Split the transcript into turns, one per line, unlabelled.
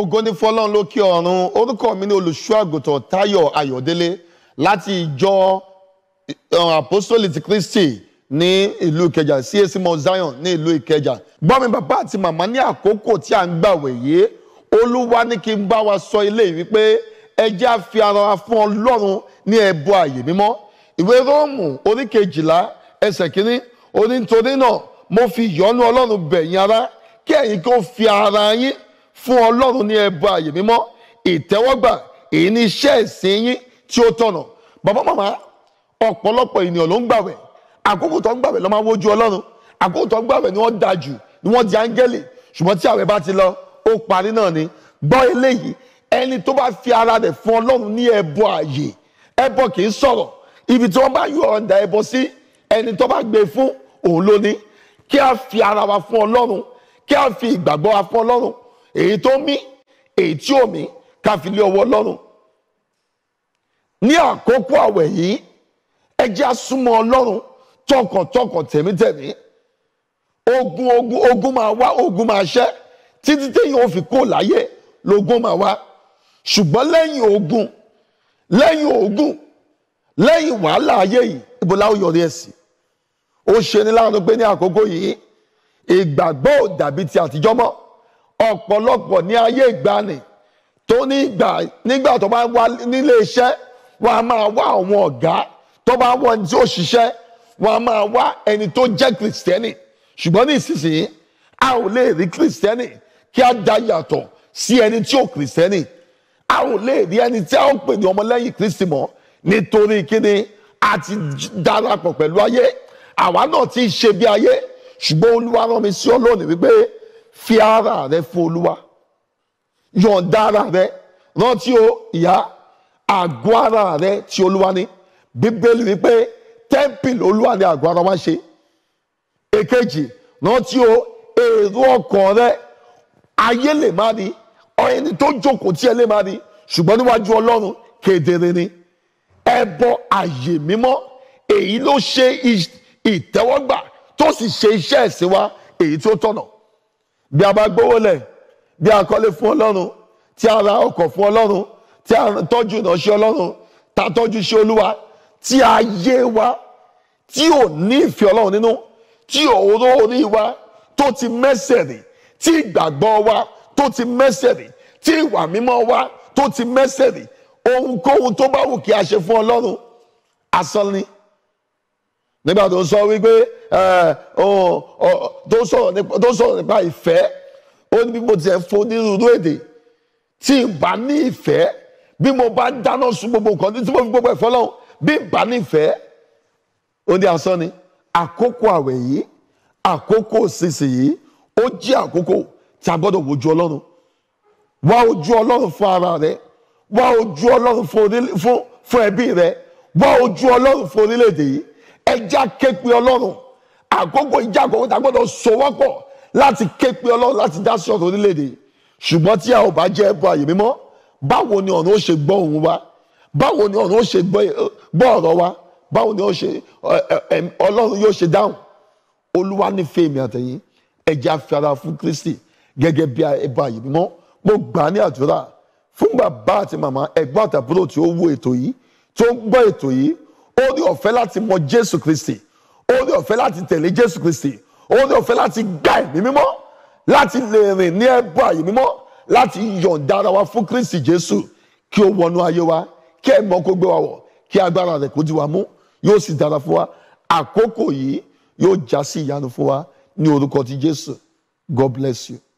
ògo ni fọlọ́run lókè ọ̀run orúkọ mi ní olùṣọ́ àgùntàn táyọ̀ ayọ̀délé láti ìjọ eh, apostoli ti kristi ní ìlú ìkẹjà CAC Mount Zion ní ìlú ìkẹjà gbọ́ mi bàbá àti màmá ní àkókò tí à ń gbàwẹ̀ yìí olúwa ní kí n bá wa sọ ilé yìí wípé ẹ jẹ́ á fi ara wa fún ọlọ́run ní ẹbọ àyè mímọ́ ìwé róòmù orí kejìlá ẹsẹ̀ kínní orí náà mo fi yọ́nú ọlọ́run bẹ̀yìn ara kí ẹ̀yin kí fi ara yín fún ọlọ́run ní ẹbọ àyè mímọ́ ìtẹ́wọ́gbà èyí ní iṣẹ́ ìsìn yín tí ó tọ̀nà bàbá màmá ọ̀pọ̀lọpọ̀ ènìyàn ló ń gbàwẹ̀ àkókò tó ń gbàwẹ̀ ló máa wojú ọlọ́run àkókò tó ń gbàwẹ̀ ni wọ́n da jù ni wọ́n di áńgẹ́lì ṣùgbọ́n tí àwẹ̀ bá ti lọ ó parí náà ni gbọ́ eléyìí ẹni tó bá fi ara rẹ̀ fún ọlọ́run ní ẹbọ àyè ẹbọ kì í sọ̀rọ̀ ibi tí wọ́n bá yọ ọ̀ǹda ẹbọ sí ẹni tó bá gbé e fún òun ló ní kí a fi ara wa fún ọlọ́run kí a fi ìgbàgbọ́ wa fún ọlọ́run èyí tó mí èyí tí ò mí ká fi lé ọwọ́ Ọlọ́run ní àkókò àwẹ̀ yìí ẹ jẹ́ á súnmọ́ Ọlọ́run tọkàntọkàn tẹ̀mítẹ̀mí ogun ogun ogun máa wá ogun máa ṣẹ́ títí téèyàn ò fi kó láyé lógun máa wá ṣùgbọ́n lẹ́yìn ogun lẹ́yìn ogun lẹ́yìn wàhálà ayé yìí ibo la yọrí ẹ̀ sí ó ṣe ní láwọn pé ní àkókò yìí ìgbàgbọ́ ò dàbí ti àtijọ́ mọ́ ọ̀pọ̀lọpọ̀ ní ayé ìgbani tó ní ìgbà nígbà tó bá ń wá nílé iṣẹ́ wọn a máa wá àwọn ọ̀gá tó bá wọ ẹni tí ó ṣiṣẹ́ wọn a máa wá ẹni tó jẹ́ kìrìsìtẹ́nì ṣùgbọ́n ní ìsinsìnyí a ò lè rí kìrìsìtẹ́nì kí a dá yàtọ̀ sí ẹni tí ó kìrìsìtẹ́nì a ò lè rí ẹni tí a ó pè ní ọmọlẹ́yìn Kristi mọ́ nítorí kíni a ti darapọ̀ pẹ̀lú ayé àwa náà ti ṣe bí ayé ṣùgbọ́n Olúwa rán mi sí ọ wípé fi ara rẹ fún olúwa yọ̀ǹda ara rẹ rántí o ìyá àgọ́ ara rẹ tí olúwa ní bíbélì wípé tẹ́ḿpìlì olúwa ní àgọ́ ara wa ṣe èkejì rántí o èrò ọkàn rẹ ayé lè má ní ẹni tó jókòó tí ẹ lè má ní ṣùgbọ́n níwájú ọlọ́run kedere ni ẹbọ àyè mímọ́ èyí ló ṣe ìtẹ́wọ́gbà tó sì ṣe iṣẹ́ ẹ̀sìn wa èyí tó tọ̀nà bí a bá gbówó lẹ̀ bí a kọ́lé fún ọlọ́run tí a ra ọkọ̀ fún ọlọ́run tí a tọ́jú ìránṣẹ́ ọlọ́run tá a tọ́jú iṣẹ́ olúwa tí a yé wa tí ò ní ìfẹ́ ọlọ́run nínú tí òró orí wa tó ti mẹ́sẹ̀ rìn tí ìgbàgbọ́ wa tó ti mẹ́sẹ̀ rìn tí ìwà mímọ́ wa tó ti mẹ́sẹ̀ rìn ohunkóhun tó bá wù kí a ṣe fún ọlọ́run asán ni nígbà tó sọ wípé tó sọ̀rọ̀ nípa ìfẹ́ ó ní bí mo ti ẹ̀ fún onírúurú èdè tí n bá ní ìfẹ́ bí mo bá dáná sun gbogbo nǹkan tí mo fi gbogbo ẹ̀fọ́ lọ́hùn bí n bá ní ìfẹ́ ó ní asán ni àkókò àwẹ̀ yìí àkókò sísìn yìí ó jẹ́ àkókò tí a gbọ́dọ̀ wojú ọlọ́run wá ojú ọlọ́run fún ara rẹ wá ojú ọlọ́run fún ẹbí rẹ wá ojú ọlọ́run fún orílẹ̀-èdè yìí ẹja képe ọlọ́run àkókò ìjà àkókò tá a gbọ́dọ̀ sowọ́pọ̀ láti képe ọlọ́run láti dá sí ọ̀rọ̀ orílẹ̀-èdè ṣùgbọ́n tí a ò bá jẹ́ ẹbọ àyè mímọ́ báwo ni ọ̀run ó ṣe gbọ́ òun wa báwo ni ọ̀run ó ṣe gbọ́ ọ̀rọ̀ wa báwo ni ọlọ́run yóò ṣe dáhùn olúwa ní fèmí àtẹ̀yìn ẹja fi ara fún kristi gẹ́gẹ́ bí ẹbọ àyè mímọ́ mo gbà ní àdúrà fún bàbá àti màmá ẹ̀gbọ́n àtàbúrò tí ó wo ètò yìí tó ń gbọ́ ètò yìí ó ní ọ̀fẹ́ láti mọ Jésù Kristi ó ní ọ̀fẹ́ láti tẹ̀lé Jésù Kristi ó ní ọ̀fẹ́ láti gba ẹ̀mí mímọ́ láti lè rìn ní ẹ̀bùn àyè mímọ́ láti yọ̀ǹda ara wa fún Kristi Jésù kí ó wọnú ayé wa kí ẹ̀mọ́ kó gbé wa wọ̀ kí agbára rẹ̀ kó di wa mú yóò sì dára fún wa àkókò yìí yóò já sí ìyanu fún wa ní orúkọ ti Jésù God bless you.